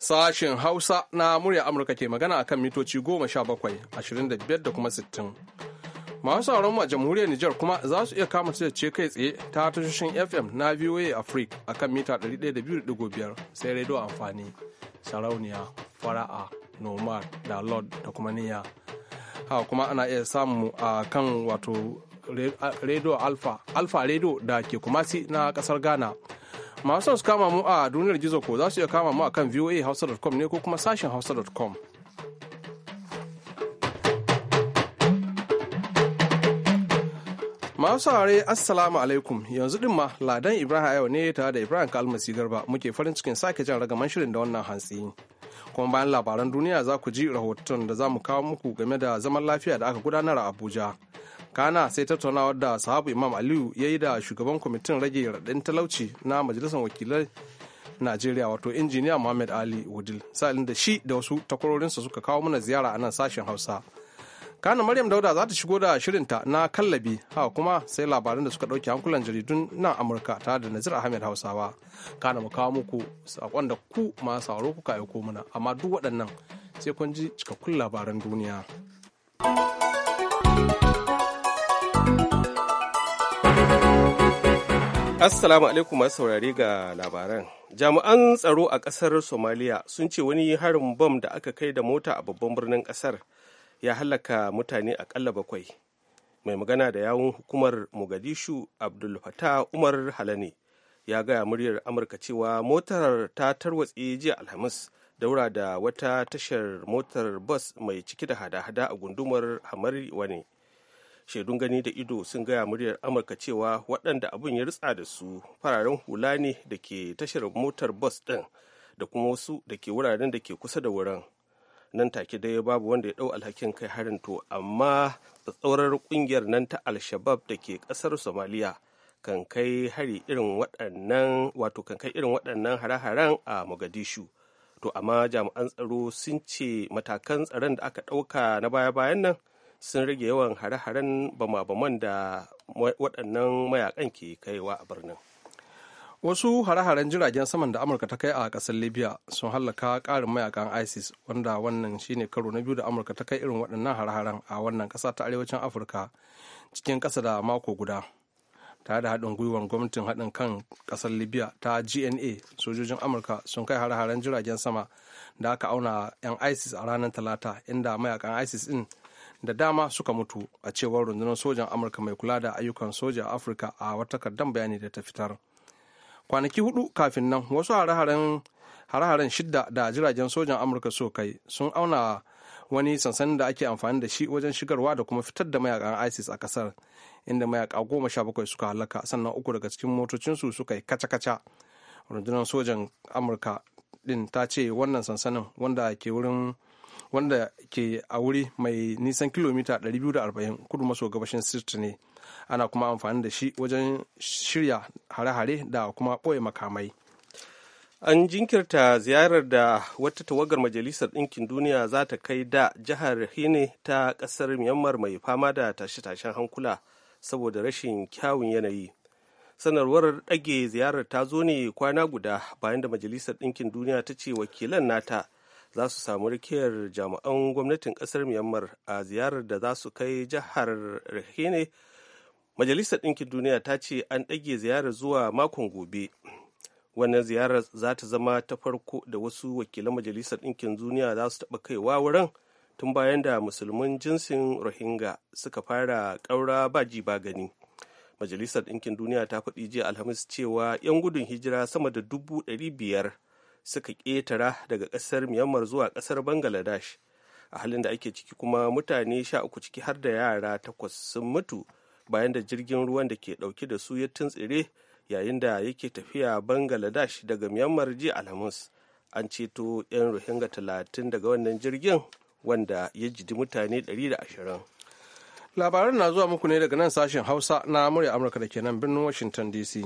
Sashen Hausa na murya Amurka ke magana a kan mitoci bakwai ashirin da kuma sittin Masu sauran mu a jamhuriyar Nijar kuma za su iya kama da ce kai tsaye ta tashoshin FM na VOA Africa a kan mita 102.5 sai rediyo amfani, sarauniya, fara'a, nomad da lord da kuma niyya. Ha kuma ana iya samu a kan wato radio alpha alpha radio da ke kumasi na kasar ghana masu su kama mu a duniyar gizo ko za su iya kama mu a kan voahausa.com ne ko kuma sashen hausa.com masu saurare assalamu alaikum yanzu din ma ladan ibrahim yau ne tare da ibrahim kalmasi garba muke farin cikin sake jan ragaman shirin da wannan hantsi kuma bayan labaran duniya za ku ji rahoton da za mu kawo muku game da zaman lafiya da aka gudanar a abuja kana sai tattaunawar da sahabu imam aliyu ya yi da shugaban kwamitin rage raɗin talauci na majalisar wakilai najeriya wato injiniya muhammad ali wudil sa'ilin da shi da wasu takwarorinsa suka kawo mana ziyara a nan sashen hausa kana maryam dauda za ta shigo da shirinta na kallabi haka kuma sai labaran da suka ɗauki hankulan jaridun nan amurka tare da nazir ahmed hausawa kana mu kawo muku sakon da ku masu aro kuka aiko mana amma duk waɗannan sai kun ji cikakkun labaran duniya. thank you Assalamu alaikum masu saurare ga labaran. Jami'an tsaro a ƙasar Somaliya sun ce wani harin bom da aka kai da mota a babban birnin ƙasar ya halaka mutane aƙalla bakwai. Mai magana da yawun hukumar Mogadishu Abdul Umar Halani, ya gaya muryar Amurka cewa motar ta tarwatse jiya Alhamis daura da wata tashar motar bus mai cike da hada-hada a gundumar Hamari wani. shaidun gani da ido sun gaya muryar amurka cewa waɗanda abin ya ritsa da su fararen hula ne da ke tashar motar bus ɗin da kuma wasu da ke wuraren da ke kusa da wurin nan take dai babu wanda ya ɗau alhakin kai harin to amma tsatsaurar ƙungiyar nan ta alshabab da ke ƙasar somaliya kan kai hari irin waɗannan wato kan kai irin waɗannan hare-haren a mogadishu to amma jami'an tsaro sun ce matakan tsaron da aka ɗauka na baya-bayan nan sun rage yawan hare-haren bama-baman da waɗannan mayakan ke kaiwa a birnin wasu hare-haren jiragen saman da amurka ta kai a ƙasar libya sun hallaka ƙarin mayakan isis wanda wannan shine karo na biyu da amurka ta kai irin waɗannan hare-haren a wannan ƙasa ta arewacin afirka cikin ƙasa da mako guda tare da haɗin gwiwar gwamnatin haɗin kan ƙasar libya ta gna sojojin amurka sun kai hare-haren jiragen sama da aka auna 'yan isis a ranar talata inda mayakan isis ɗin da dama suka mutu a cewar rundunar sojan amurka mai kula da ayyukan soja a afirka a wata kardan bayani da ta fitar kwanaki hudu kafin nan wasu hare-haren shidda da jiragen sojan amurka so kai sun auna wani sansanin da ake amfani da shi wajen shigarwa da kuma fitar da mayakan isis a kasar inda mayaka goma sha bakwai suka halaka sannan uku daga cikin motocinsu suka yi kaca-kaca rundunar sojan amurka din ta ce wannan sansanin wanda ke wurin wanda ke a wuri mai nisan kilomita 240 kudu maso gabashin sirti ne ana kuma amfani da shi wajen shirya hare-hare da kuma ɓoye makamai an jinkirta ziyarar da wata tawagar majalisar ɗinkin duniya za ta kai da jihar hine ta ƙasar myanmar mai fama da tashe-tashen hankula saboda rashin kyawun yanayi sanarwar ɗage ziyarar ta zo ne kwana guda bayan da majalisar ɗinkin duniya ta ce wakilan nata za su samu rikiyar jami'an gwamnatin kasar myanmar a ziyarar da za su kai jihar rakhine majalisar ɗinkin duniya ta ce an ɗage ziyarar zuwa makon gobe wannan ziyarar za ta zama ta farko da wasu wakilan majalisar ɗinkin duniya za su taɓa kaiwa wurin tun bayan da musulmin jinsin rohingya suka fara ƙaura ba ji ba gani majalisar ɗinkin duniya ta faɗi jiya alhamis cewa 'yan gudun hijira sama da dubu ɗari biyar suka ƙetara daga ƙasar myanmar zuwa ƙasar bangladesh a halin da ake ciki kuma mutane sha uku ciki har da yara takwas sun mutu bayan da jirgin ruwan da ke ɗauke da su ya tuntsire yayin da yake tafiya bangladesh daga myanmar ji alhamis an ceto 'yan rohingya talatin daga wannan jirgin wanda ya jidi mutane ɗari da ashirin. labaran na zuwa muku ne daga nan sashen hausa na murya amurka da ke nan birnin washington dc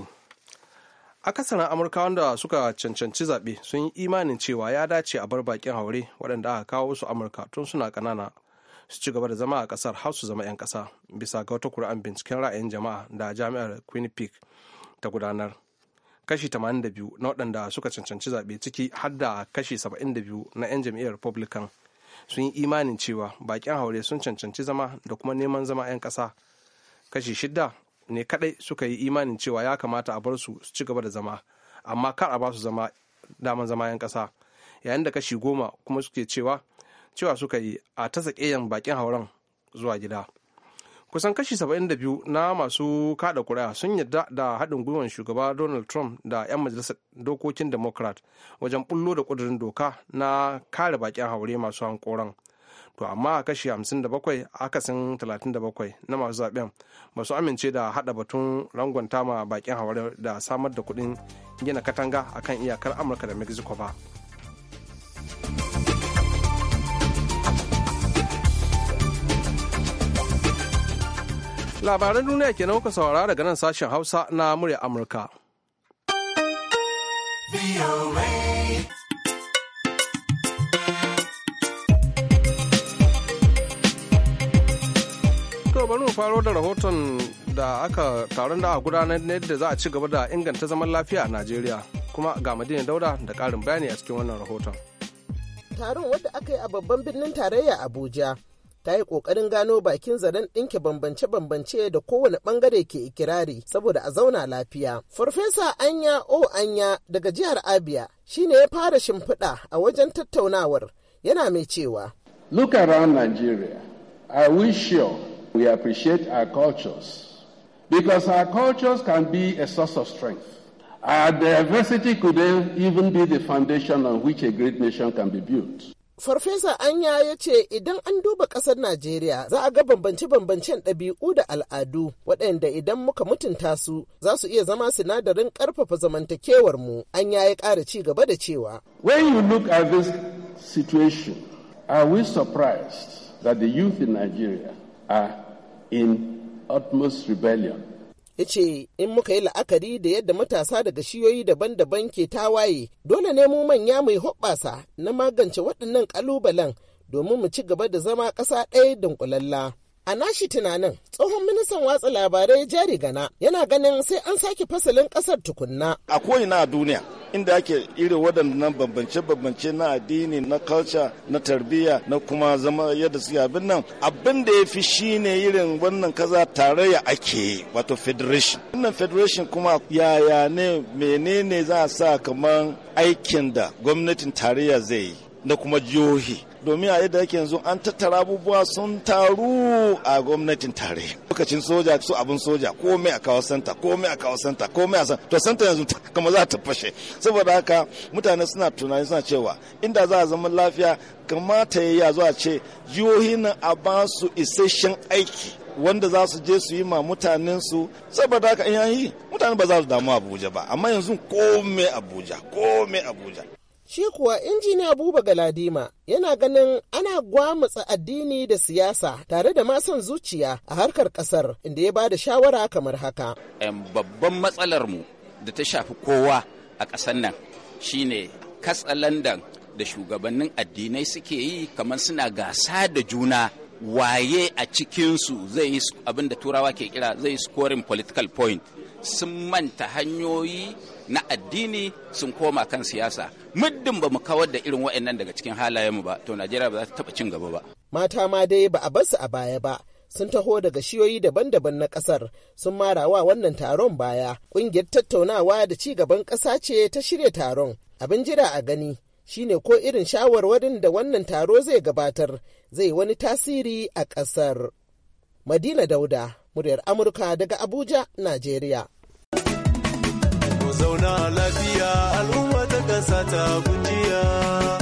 akasarin amurka wanda suka cancanci zaɓe sun yi imanin cewa ya dace a bar bakin haure waɗanda aka kawo su amurka tun suna ƙanana su ci gaba da zama a ƙasar har su zama 'yan ƙasa bisa ga wata kuri'an binciken ra'ayin jama'a da jami'ar quinnipiac ta gudanar kashi 82 na waɗanda suka cancanci zaɓe ciki har da kashi 72 na 'yan jam'iyyar republican sun yi imanin cewa bakin haure sun cancanci zama da kuma neman zama 'yan ƙasa kashi shida ne kadai suka yi imanin cewa ya kamata a bar su su ci gaba da zama amma kar a ba su zama daman zama yan kasa yayin da kashi goma kuma suke cewa cewa suka yi a ta baƙin bakin hauren zuwa gida kusan kashi 72 na masu kada kuri'a sun yarda da haɗin gwiwan shugaba donald trump da 'yan majalisar dokokin democrat wajen bullo da ƙudurin doka na kare bakin haure masu hankoran to amma a kashi 57 akasin 37 na masu zaben ba su amince da hada batun rangonta ma bakin hawar da samar da kudin gina katanga akan iyakar amurka da mexico ba labaran duniya kenan kuka saurara daga nan sashen hausa na murya amurka. bari mu faro da rahoton da aka taron da aka gudanar na yadda za a ci gaba da inganta zaman lafiya a Najeriya. Kuma ga Madina Dauda da karin bayani a cikin wannan rahoton. Taron wanda aka yi a babban birnin tarayya Abuja ta yi kokarin gano bakin zaren ɗinke bambance-bambance da kowane bangare ke ikirari saboda a zauna lafiya. Farfesa Anya O Anya daga jihar Abia shine ya fara shimfiɗa a wajen tattaunawar yana mai cewa. Look around Nigeria. I wish you. we appreciate our cultures because our cultures can be a source of strength. Our diversity could even be the foundation on which a great nation can be built. Farfesa Anya ya ce idan an duba ƙasar Najeriya za a ga bambance-bambancen ɗabi'u da al'adu waɗanda idan muka mutunta su za su iya zama sinadarin ƙarfafa zamantakewar mu. Anya ya ƙara ci gaba da cewa. When you look at this situation, are we surprised that the youth in Nigeria are in utmost rebellion. ya ce in muka yi la'akari da yadda matasa daga shiyoyi daban-daban ke tawaye dole ne mu manya mai hoɓɓasa na magance waɗannan ƙalubalen domin mu ci gaba da zama ƙasa ɗaya dankulalla. A nashi tunanin tsohon ministan watsa labarai jari gana yana ganin sai an sake fasalin kasar tukunna. A ko'ina a duniya inda ake irin waɗannan bambance-bambance na addini na culture na tarbiyya na kuma zama yadda suke abin nan abin da ya fi shi ne irin wannan kaza tarayya ake wato federation. Wannan federation kuma yaya ne menene za a sa kamar aikin da gwamnatin tarayya zai yi na kuma jihohi domin a yadda yake yanzu an tattara abubuwa sun taru a gwamnatin tare lokacin soja su abin soja komai a kawo santa komai a kawo santa komai a santa to santa yanzu kama za ta fashe saboda haka mutane suna tunani suna cewa inda za a zama lafiya kamata ya yi zuwa ce jihohi nan a ba su isasshen aiki wanda za su je su yi ma mutanensu saboda haka in yi mutane ba za su damu abuja ba amma yanzu kome abuja kome abuja Shi kuwa injiniya Buba Galadima yana ganin ana gwamutsa addini da siyasa tare da masan zuciya a harkar kasar inda ya ba da shawara kamar haka. Babban matsalar mu da ta shafi kowa a ƙasar nan shine katsalandan da shugabannin addinai suke yi kamar suna gasa da juna waye a cikinsu zai yi abin da turawa ke kira zai yi scoring political point sun manta hanyoyi na addini sun koma kan siyasa muddin ba mu kawar da irin waɗannan daga cikin halayenmu ba to najeriya ba za ta taɓa cin gaba ba mata ma dai ba a bar su a baya ba sun taho daga shiyoyi daban-daban na kasar sun marawa wannan taron baya ƙungiyar tattaunawa da ci gaban ƙasa ce ta shirya taron abin jira a gani shine ko irin shawarwarin da wannan taro zai gabatar zai wani tasiri a ƙasar. Madina Dauda, muryar Amurka daga Abuja, Najeriya. Zauna lafiya al'umma ta ƙasa ta gujiya.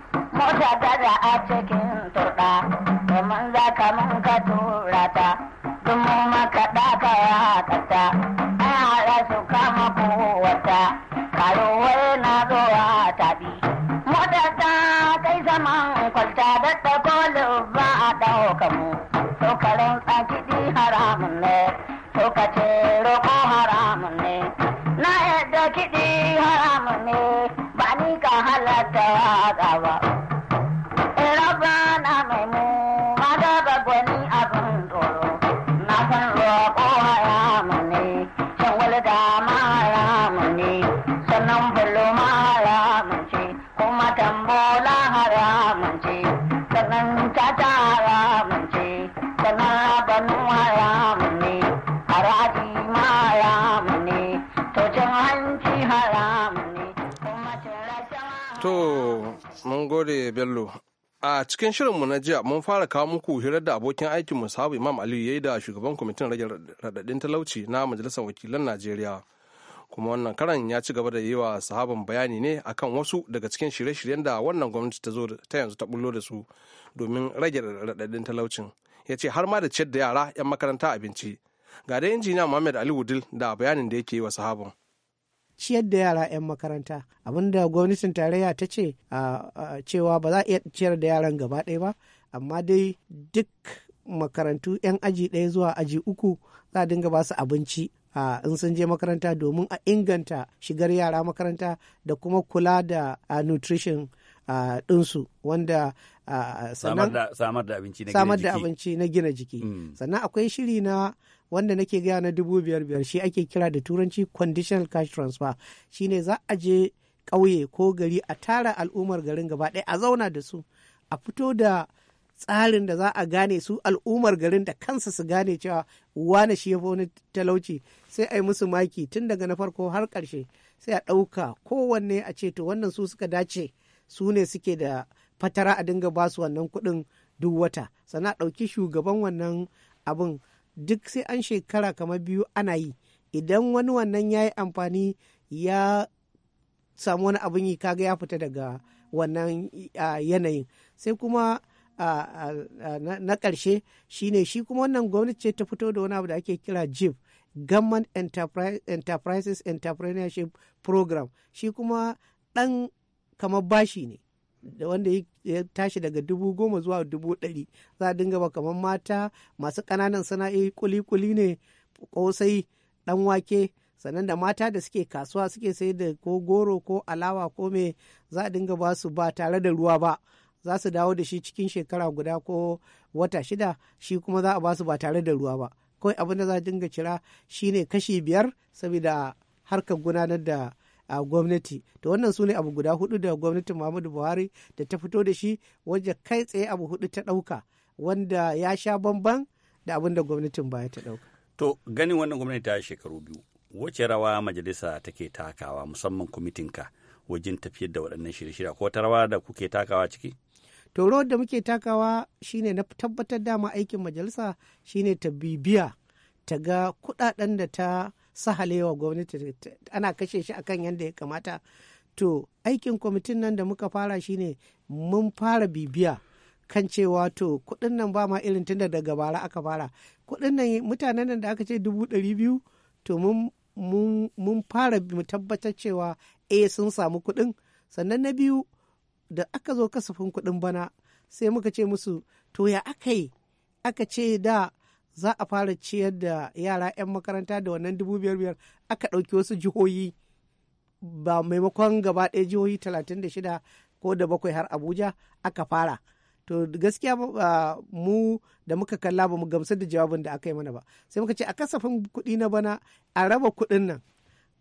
mota ta da a cikin turɗa domin za ka mun ka tura ta dumu mu maka ɗaka ya haƙata an haɗa su kama kowata. Bello. A cikin shirin mu na jiya mun fara kawo muku hirar da abokin aikin mu Sabu Imam Aliyu ya yi da shugaban kwamitin rage raɗaɗin talauci na Majalisar Wakilan Najeriya. Kuma wannan karan ya ci gaba da yi wa sahaban bayani ne akan wasu daga cikin shirye-shiryen da wannan gwamnati ta zo ta yanzu ta bullo da su domin rage raɗaɗin talaucin. Ya ce har ma da ciyar da yara 'yan makaranta abinci. Ga da injiniya Muhammad Ali Wudil da bayanin da yake yi wa sahaban. ciyar da yara 'yan makaranta abinda gwamnatin tarayya ta ce cewa ba za a iya ciyar da yaran gaba ɗaya ba amma dai duk makarantu 'yan aji ɗaya zuwa aji uku za a dinga ba su abinci in sun je makaranta domin a inganta shigar yara makaranta da kuma kula da nutrition ɗinsu wanda samar da abinci na gina jiki mm. sannan akwai shiri na wanda nake gaya na dubu biyar biyar shi ake kira da turanci conditional cash transfer shine za a je ƙauye ko gari a tara al'ummar garin gaba ɗaya a zauna da su a fito da tsarin da za a gane su al'ummar garin da kansa su gane cewa wane shi ya wani talauci sai a yi musu maki tun daga na farko har ƙarshe sai a ɗauka kowanne a ce to wannan su suka dace su ne suke da fatara a dinga basu wannan kuɗin duk wata sana ɗauki shugaban wannan abin duk sai an shekara kamar biyu ana yi idan wani wannan ya yi amfani ya samu wani abin yi kaga ya fita daga wannan yanayin sai kuma na ƙarshe shine shi kuma wannan gwamnati ce ta fito da wani abu da ake kira jib government enterprises entrepreneurship program shi kuma ɗan kamar bashi ne wanda ya tashi daga dubu goma zuwa dubu ɗari za a dinga ba kamar mata masu ƙananan sana'i kuli-kuli ne ƙosai ɗan wake sannan da mata da suke kasuwa suke sai da ko goro ko alawa ko me za a dinga ba su ba tare da ruwa ba za su dawo da shi cikin shekara guda ko wata shida shi kuma za a ba su ba tare da ruwa ba kawai abin da za a dinga cira shine kashi biyar saboda harkar gudanar da a gwamnati to wannan su ne abu guda hudu da gwamnatin muhammadu buhari da ta fito da shi wajen kai tsaye abu hudu ta ɗauka wanda ya sha bamban da abin da gwamnatin baya ta dauka to ganin wannan gwamnati ta shekaru biyu wace rawa majalisa take takawa musamman ka wajen tafiyar da waɗannan shirye-shirye ko ta rawa da kuke takawa ciki to rawar da muke takawa shine na tabbatar dama aikin majalisa shine ta bibiya ta ga kudaden da ta sahalewa gwamnati ana kashe shi akan yadda ya kamata to aikin kwamitin nan da muka fara shi ne mun fara bibiya kan cewa to kuɗin nan ba ma irin tunda daga bara aka fara kuɗin nan mutanen nan da aka ce dubu ɗari biyu to mun fara mu tabbatar cewa e sun samu kuɗin sannan na biyu da aka zo kasafin kuɗin bana sai muka ce musu to ya aka yi aka ce da za a fara ciyar da yara 'yan makaranta da wannan dubu biyar biyar aka ɗauki wasu jihohi ba maimakon gaba ɗaya jihohi talatin da shida ko da bakwai har abuja aka fara to gaskiya mu da muka kalla ba mu gamsar da jawabin da aka yi mana ba sai muka ce a kasafin kuɗi na bana a raba kuɗin nan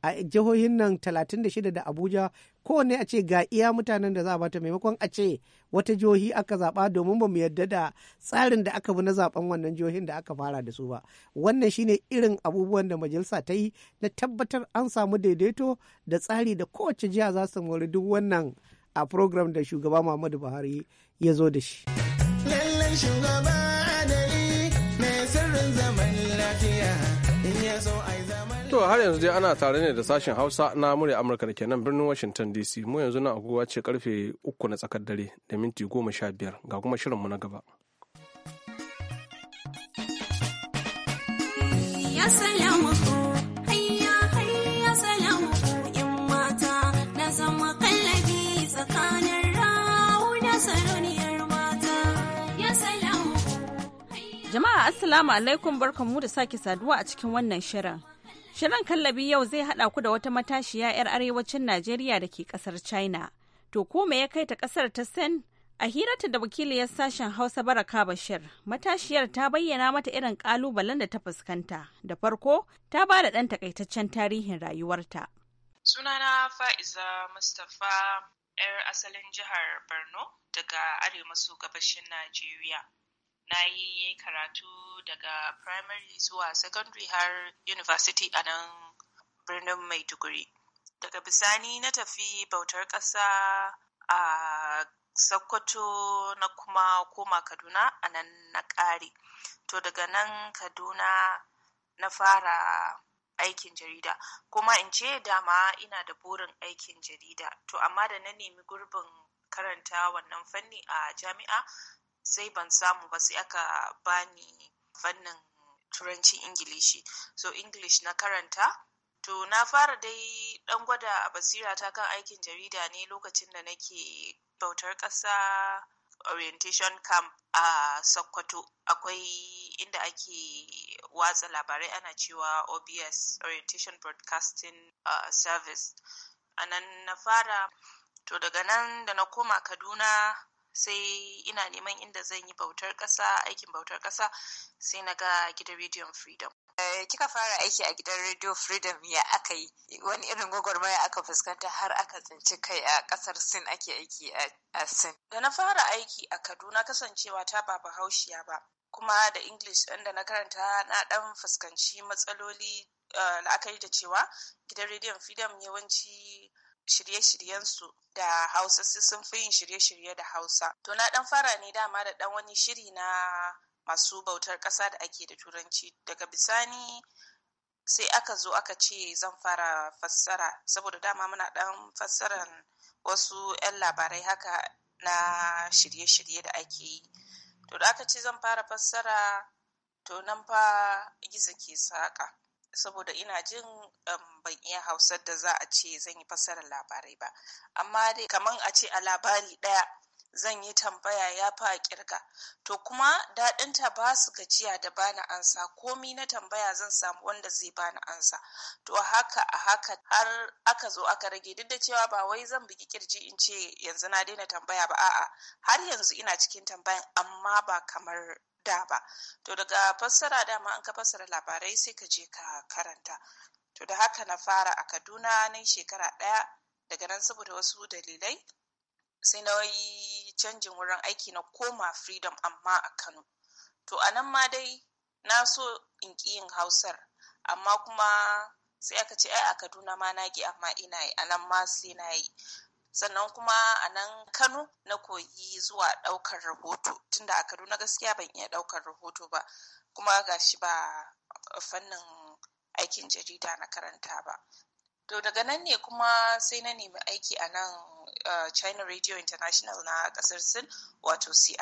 a jihohin nan talatin da shida da abuja kowane a ce ga iya mutanen da za a bata maimakon a ce wata jihohi aka zaɓa domin ba mu yadda da tsarin da aka bi na zaɓen wannan jihohin da aka fara da su ba wannan shine irin abubuwan da majalisa ta yi na tabbatar an samu daidaito da tsari da kowace jiha za su mori duk wannan a program da shugaba muhammadu buhari ya zo da shi. har yanzu dai ana tare ne da sashen Hausa na murya Amurka da kenan birnin Washington DC. Mu yanzu na agogo ce karfe uku na tsakar dare da minti goma sha biyar ga kuma shirinmu na gaba. Ya Jama'a Assalamu alaikum barkanmu da sake saduwa a cikin wannan shirin. Shirin kallabi yau zai haɗa ku da wata matashiya 'yar arewacin Najeriya da ke ƙasar China. To ko me ya kai ta ƙasar ta Sin? A hirarta da wakiliyar sashen Hausa Baraka Bashir, matashiyar ta bayyana mata irin ƙalubalen da ta fuskanta. Da farko, ta ba da ɗan takaitaccen tarihin rayuwarta. Sunana Fa'iza Mustapha 'yar asalin jihar Borno daga arewa maso gabashin Najeriya. na yi karatu daga primary zuwa secondary har university a nan birnin maiduguri daga bisani na tafi bautar ƙasa a sokoto na kuma koma kaduna a nan na ƙare to daga nan kaduna na fara aikin jarida kuma in ce dama ina da burin aikin jarida to amma da na nemi gurbin karanta wannan fanni a jami'a sai ban samu ba sai aka bani fannin turanci ingilishi so english na karanta to na fara dai dan gwada basira ta kan aikin jarida ne lokacin da nake bautar ƙasa orientation camp a sokoto akwai inda ake watsa labarai ana cewa obs orientation broadcasting uh, service a nan na fara to daga nan da na koma kaduna sai ina neman inda zan yi bautar ƙasa aikin bautar ƙasa sai na ga gidan rediyon freedom eh, kika fara aiki a gidan radio freedom ya aka yi wani irin gwagwarmaya aka fuskanta har aka tsinci kai a ƙasar sin ake aiki a sin da na fara aiki a kaduna kasancewa ta ba bahaushiya ba kuma da english ɗin da na karanta na ɗan fuskanci matsaloli eh, la'akari da cewa gidan rediyon freedom yawanci shirye-shiryensu da Hausa sun fi yin shirye-shirye da Hausa. To na dan fara ne dama da dan wani shiri na masu bautar ƙasa da ake da Turanci. Daga bisani sai aka zo aka ce zan fara fassara saboda dama muna dan fassaran wasu 'yan labarai haka na shirye-shirye da ake yi. To da aka ce zan fara fassara to nan fa gizo ke saƙa. saboda ina jin um, ban iya hausar da za a ce zan yi fassarar labarai ba amma dai kaman a ce a labari ɗaya zan yi tambaya ya fi a kirga to kuma daɗinta ba su gajiya da bani ansa komi na tambaya zan samu wanda zai bani ansa to haka a haka har aka zo aka rage duk da cewa ba wai zan bugi kirji in ce yanzu na daina tambaya ba a'a har yanzu ina cikin tambayan amma ba kamar da ba to daga fassara dama an ka fassara labarai sai ka je ka karanta to da haka na fara a kaduna na shekara ɗaya daga nan saboda wasu dalilai sai na yi canjin wurin aiki na koma freedom amma a kano to a nan ma dai na so in ƙi yin hausar amma kuma sai aka ce ai a kaduna ma na gi amma ina yi a nan ma sai na yi sannan kuma a nan kano na koyi zuwa ɗaukar rahoto tunda a kaduna gaskiya ban iya ɗaukar rahoto ba kuma ga shi ba fannin aikin jarida na karanta ba to daga nan ne kuma sai na nemi aiki a nan eh, china radio international na kasar sin wato cri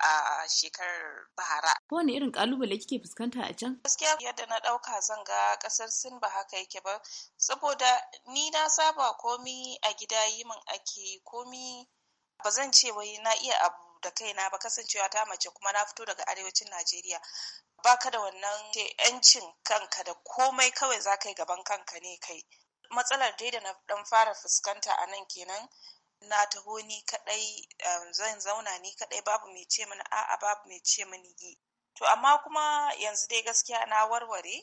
a shekarar bara. Wani irin kalubale kike fuskanta a can? Gaskiya yadda na ɗauka zanga ƙasar Sin ba haka yake ba, saboda ni na saba komi a gida yi min ake komi ba zan ce wai na iya abu da kaina ba kasancewa ta mace kuma na fito daga arewacin Najeriya. Baka da wannan yancin kanka da komai kawai za ka yi gaban kanka ne kai. Matsalar dai da na ɗan fara fuskanta a nan kenan na taho ni kadai um, zan zauna ni kadai babu mai ce mini a'a babu mai ce mini yi to amma kuma yanzu dai gaskiya na warware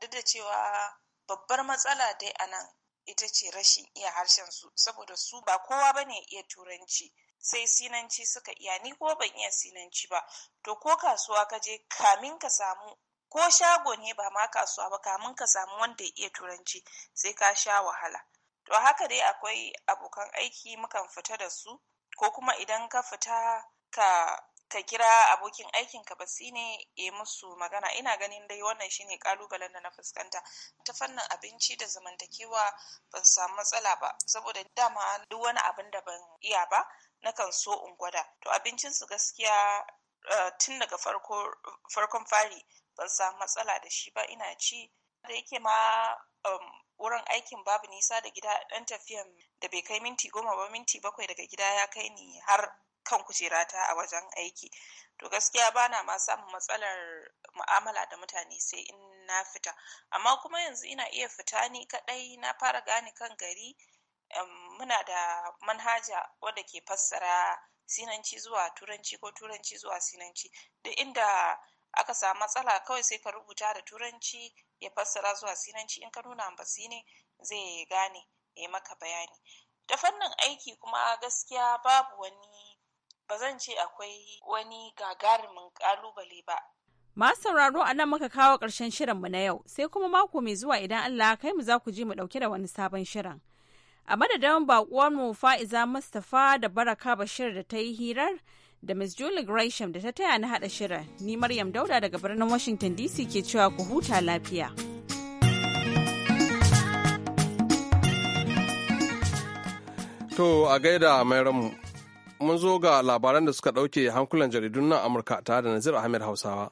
duk da cewa babbar matsala dai a nan ita ce rashin iya harshen su saboda su ba kowa ba ne iya turanci sai sinanci suka iya ni ko ban iya sinanci ba to ko kasuwa ka je kamin ka samu ko shago ne ba ma kasuwa ba kamin ka samu wanda ya iya turanci sai ka sha wahala to haka dai akwai abokan aiki mukan fita da su ko kuma idan ka fita ka ka kira abokin aikin ka ba ne ya musu magana ina ganin dai wannan shine kalubalen da na fuskanta ta fannin abinci da zamantakewa ban samu matsala ba saboda dama duk wani abin da ban iya ba na kan so in gwada to abincin su gaskiya eh, tun daga farkon fari ban samu matsala da shi ba ina ci da yake ma Um, wurin aikin babu nisa da gida dan tafiyan da bai kai minti goma ba minti bakwai daga gida ya kai ni har kan kujera ta a wajen aiki to gaskiya bana ma samun matsalar mu'amala da mutane sai in na fita amma kuma yanzu ina iya fita ni kadai na fara gane kan gari um, muna da manhaja wadda ke fassara sinanci zuwa turanci ko turanci zuwa sinanci da inda aka samu matsala kawai sai ka rubuta da turanci ya fassara zuwa sinanci in ka nuna basi ne zai gane ya maka bayani ta fannin aiki kuma gaskiya babu wani ba zan ce akwai wani gagarumin kalubale ba Masu sauraro a nan muka kawo ƙarshen mu na yau, sai kuma mako mai zuwa idan Allah kai mu za ku ji mu ɗauke da wani sabon shirin. A madadin mu Fa'iza Mustafa da Baraka Bashir da ta yi hirar, da ms Julie Gresham da ta taya na haɗa shirin. Ni Maryam Dauda daga birnin Washington DC ke cewa ku huta lafiya. To a gaida mai ramu, mun zo ga labaran da suka ɗauke hankulan jaridun nan Amurka tare da Nazir Ahmed Hausawa.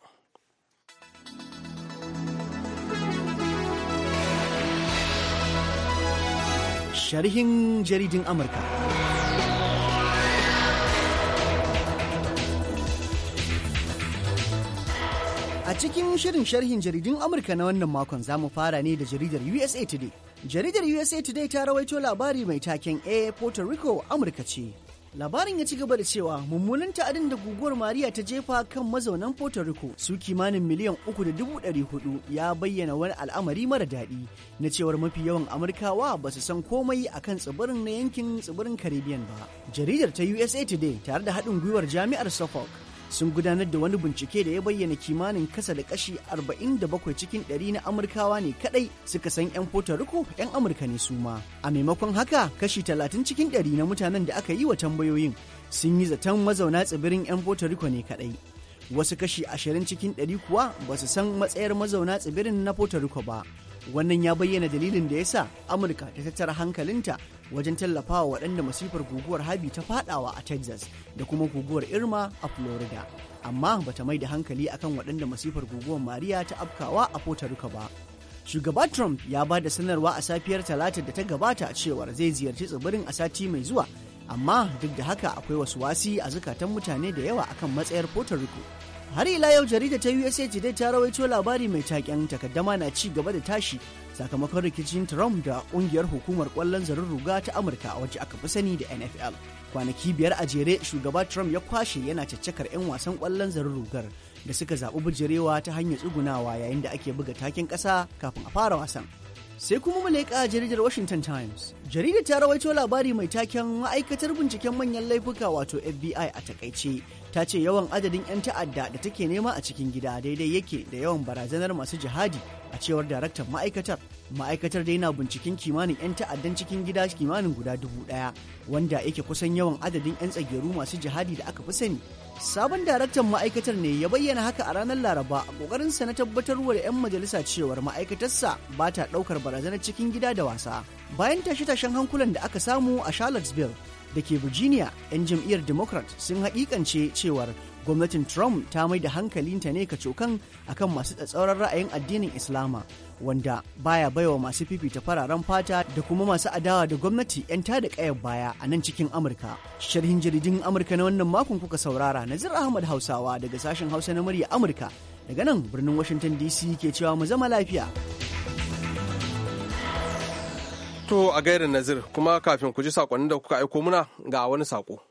Sharhin jaridun Amurka. A cikin shirin sharhin jaridun Amurka na wannan makon za mu fara ne da jaridar USA Today. Jaridar USA Today ta rawaito labari mai taken A eh, Puerto Rico Amurka ce. Labarin ya ci gaba da cewa mummunan ta'adin da guguwar Mariya ta jefa kan mazaunan Puerto Rico su kimanin miliyan uku da dubu ɗari hudu ya bayyana wani al'amari mara daɗi na cewar mafi yawan Amurkawa ba su san komai a kan tsibirin na yankin tsibirin Caribbean ba. Jaridar ta USA Today tare da haɗin gwiwar Jami'ar Suffolk sun gudanar da wani bincike da ya bayyana kimanin kasa da kashi 47 cikin 100 na amurkawa ne kadai suka san 'yan puerto rico 'yan amurka ne su ma a maimakon haka kashi 30 cikin 100 na mutanen da aka yi wa tambayoyin sun yi zaton mazauna tsibirin 'yan puerto rico ne kadai wasu kashi 20 cikin 100 kuwa ba su san matsayar mazauna tsibirin na puerto rico ba Wannan ya bayyana dalilin da ya sa Amurka ta tattara hankalinta wajen tallafawa waɗanda masifar guguwar Habi ta fadawa a Texas da kuma guguwar Irma a Florida. Amma bata mai da hankali akan waɗanda masifar guguwar Mariya ta afkawa a Puerto Rico ba. Shugaba Trump ya ba da sanarwa a safiyar Talata da ta gabata cewar zai ziyarci tsibirin a sati mai zuwa amma duk da haka akwai wasu wasi a zukatan mutane da yawa akan matsayar Puerto Rico har ila yau jarida ta usa today ta rawaito labari mai taken takaddama na ci gaba da tashi sakamakon rikicin trump da kungiyar hukumar kwallon zarin ruga ta amurka wacce aka fi sani da nfl kwanaki biyar a jere shugaba trump ya kwashe yana caccakar 'yan wasan kwallon zarin rugar da suka zaɓi bijirewa ta hanyar tsugunawa yayin da ake buga taken ƙasa kafin a fara wasan sai kuma mu leƙa jaridar washington times Jarida ta rawaito labari mai taken ma'aikatar binciken manyan laifuka wato FBI a takaice ta ce yawan adadin 'yan ta'adda da take nema a cikin gida daidai yake da yawan barazanar masu jihadi a cewar daraktan ma'aikatar ma'aikatar dai na binciken kimanin 'yan ta'addan cikin gida kimanin guda dubu ɗaya wanda yake kusan yawan adadin 'yan tsageru masu jihadi da aka fi sani sabon daraktan ma'aikatar ne ya bayyana haka a ranar laraba a kokarinsa na tabbatarwa da 'yan majalisa cewar ma'aikatarsa ba ta ɗaukar barazanar cikin gida da wasa bayan tashe-tashen hankulan da aka samu a charlottesville da ke virginia 'yan jam'iyyar democrat sun haƙiƙance cewar gwamnatin trump ta mai da hankalinta ne ka kacokan kan masu tsatsauran ra'ayin addinin islama wanda baya baiwa masu fifita fararen fata da kuma masu adawa da gwamnati 'yan ta da ƙayar baya a nan cikin amurka sharhin jaridin amurka na wannan makon kuka saurara nazir ahmad hausawa daga sashen hausa na murya amurka daga nan birnin washington dc ke cewa mu zama lafiya To a gairin Nazir kuma kafin ku ji sakonin da kuka aiko muna ga wani sako.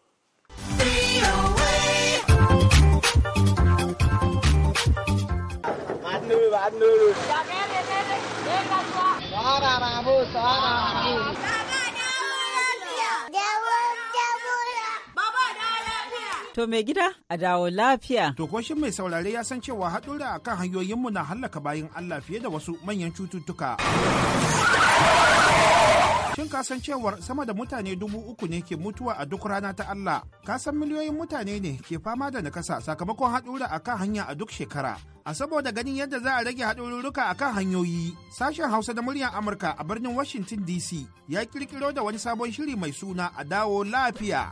Sahara To mai gida a dawo lafiya. To ko mai saurare ya san cewa haɗura a kan hanyoyinmu na hallaka bayan Allah fiye da wasu manyan cututtuka. Shin ka san cewar sama da mutane dubu uku ne ke mutuwa a duk rana ta Allah? Ka san miliyoyin mutane ne ke fama da nakasa sakamakon haɗura a kan hanya a duk shekara. A saboda ganin yadda za a rage haɗururruka a kan hanyoyi, sashen Hausa da muryar Amurka a birnin Washington DC ya ƙirƙiro da wani sabon shiri mai suna a dawo lafiya.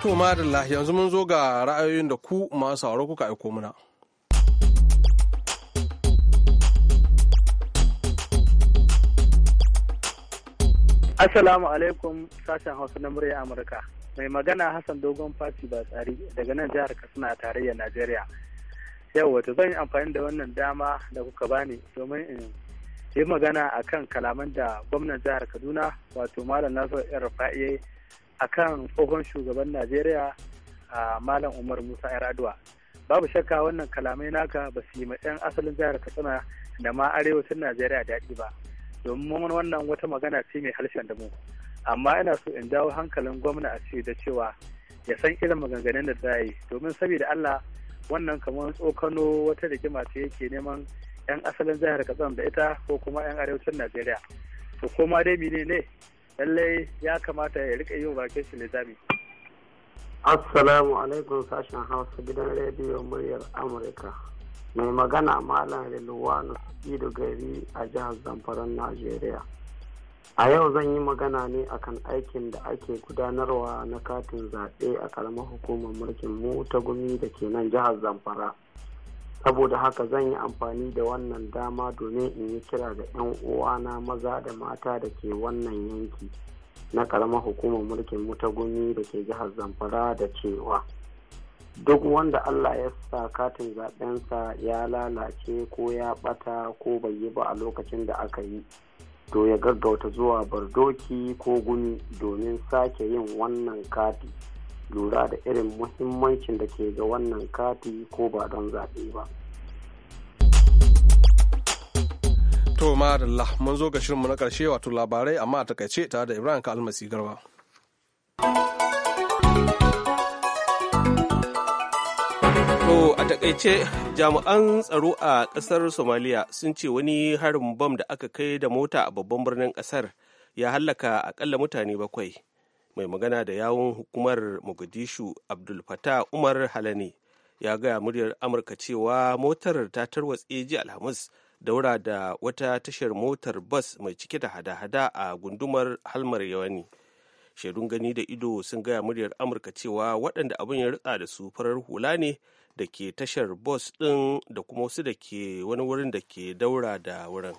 To madalla yanzu mun zo ga ra'ayoyin da ku masu sauraro kuka aiko muna. Assalamu alaikum sashen Hausa na murya Amurka. Mai magana Hassan Dogon Fati ba tsari daga nan jihar Katsina tarayyar Najeriya. Yau wata zan yi amfani da wannan dama da kuka bani domin in yi magana akan kalaman da gwamnan jihar Kaduna wato Malam Nasiru Yan A kan tsohon shugaban najeriya a malam umar musa yaraduwa babu shakka wannan kalamai naka ba su yi ma 'yan asalin jihar katsina da ma arewacin najeriya daɗi ba domin wannan wata magana ce mai harshen da mu amma ina so in jawo hankalin gwamna a ce da cewa ya san irin maganganun da za yi domin saboda allah wannan kamar tsokano wata rigima ce yake neman 'yan asalin jihar katsina da ita ko kuma 'yan arewacin najeriya to koma dai mene ne lallai ya kamata ya rika yin bakin shi lizami assalamu alaikum sashen hausa gidan rediyo muryar amurka mai magana malam rilwanu ido gari a jihar zamfaran najeriya a yau zan yi magana ne akan aikin da ake gudanarwa na katin zaɓe a karamar hukumar mulkin mu ta gumi da ke nan jihar zamfara saboda haka zan yi amfani da wannan dama domin in yi kira ga 'yan uwana maza da mata da ke wannan yanki na karamar hukumar mulkin mutagumi da ke jihar zamfara da cewa duk wanda allah ya sa katin zaɓensa ya lalace ko ya ɓata ko bai yi ba a lokacin da aka yi to ya gaggauta zuwa bardoki ko gumi domin sake yin wannan kati lura da irin muhimmancin da ke ga wannan kati ko ba don zaɓe ba. To madalla mun zo ga shirinmu na ƙarshe wato labarai amma a takaice tare da Ibrahim ka almasi garba. To a takaice jami'an tsaro a ƙasar Somalia sun ce wani harin bam da aka kai da mota a babban birnin ƙasar ya hallaka akalla mutane bakwai. mai magana da yawun hukumar mogadishu abdul fatah umar Halani, ya gaya muryar amurka cewa motar ta tarwatse ji alhamis daura da wata tashar motar bas mai cike da hada-hada a gundumar halmar yawani shaidun gani da ido sun gaya muryar amurka cewa waɗanda abin ya rika da su farar hula ne da ke tashar bas ɗin da kuma wasu da ke wani wurin da ke daura da wurin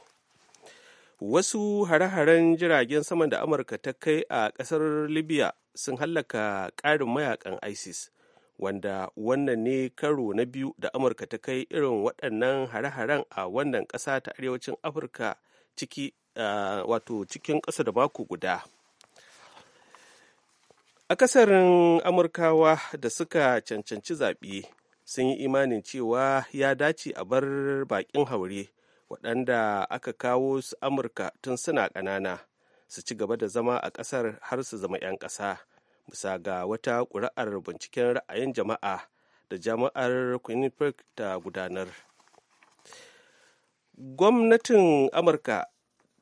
wasu hare-haren jiragen saman da amurka ta kai a ƙasar libya sun hallaka ƙarin mayakan isis wanda wannan ne karo na biyu da amurka ta kai irin waɗannan hare-haren a wannan ƙasa ta arewacin afirka ciki wato cikin ƙasa da mako guda a kasarin amurkawa da suka cancanci zaɓe sun yi imanin cewa ya dace a bar baƙin haure waɗanda aka kawo su amurka tun suna ƙanana su ci gaba da zama a ƙasar har su zama 'yan ƙasa bisa ga wata ƙuri'ar binciken ra'ayin jama'a da jami'ar quinnipiac ta gudanar gwamnatin amurka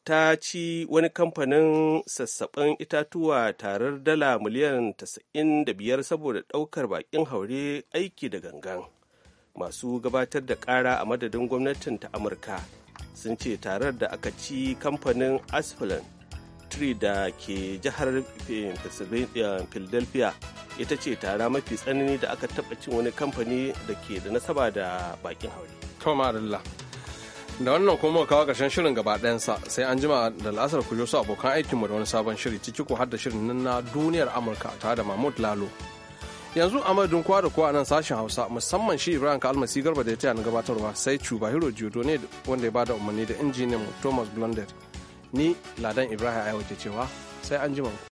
ta ci wani kamfanin sassaɓen itatuwa tarar dala miliyan 95 saboda ɗaukar baƙin haure aiki da gangan masu gabatar da kara a madadin gwamnatin ta amurka sun ce tarar da aka ci kamfanin asfilan tree da ke jihar philadelphia ita ce tara mafi tsanani da aka taba cin wani kamfani da ke da nasaba da bakin haure. Da wannan kuma kawo karshen shirin gaba ɗayansa sai an jima da la'asar ku su abokan aikinmu da wani sabon shiri ciki ko hada shirin nan na duniyar Amurka tare da Mahmud Lalo. yanzu a madadin kowa da kowa nan sashen hausa musamman shi ibrahim kalmasi garba da ya taya na gabatarwa sai cubahiro jiyoto ne wanda ya bada umarni da injiniyan thomas blondet ni ladan ibrahim ayawa ke cewa sai an ku.